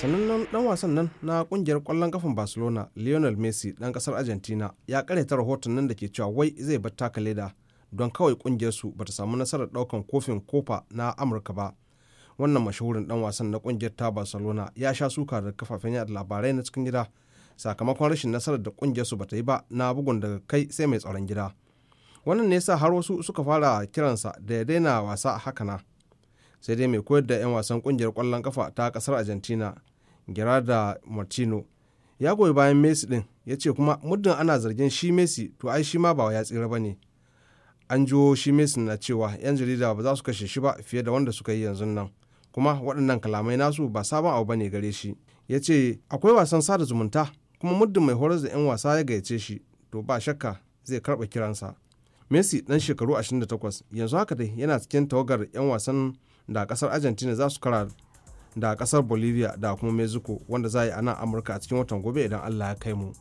sanannen dan wasan nan na kungiyar kwallon kafin barcelona lionel messi dan kasar argentina ya karyata rahoton nan da ke cewa wai zai bar taka leda don kawai kungiyarsu bata samu nasarar daukan kofin kofa na amurka ba wannan mashahurin dan wasan na kungiyar ta barcelona ya sha suka da kafafen yada labarai na cikin gida sakamakon rashin nasarar da kungiyar kungiyarsu bata yi ba na bugun daga kai sai mai tsaron gida wannan ne yasa har wasu suka fara kiransa da ya daina wasa a hakana sai dai mai koyar da 'yan wasan kungiyar kwallon kafa ta kasar argentina gerarda martino ya goyi bayan messi din ya ce kuma muddin ana zargin shi messi to ai shi ma ba ya tsira ba ne an jiwo shi messi na cewa 'yan jarida ba za su kashe shi ba fiye da wanda suka yi yanzu nan kuma waɗannan kalamai nasu ba sabon abu ba ne gare shi ya ce akwai wasan sada zumunta kuma muddin mai horar da 'yan wasa ya gayyace shi to ba shakka zai karɓa kiransa messi ɗan shekaru 28 yanzu haka dai yana cikin tawagar 'yan wasan da kasar argentina za su kara da kasar bolivia da kuma mexico wanda za a yi a nan amurka a cikin watan gobe idan allah ya kai mu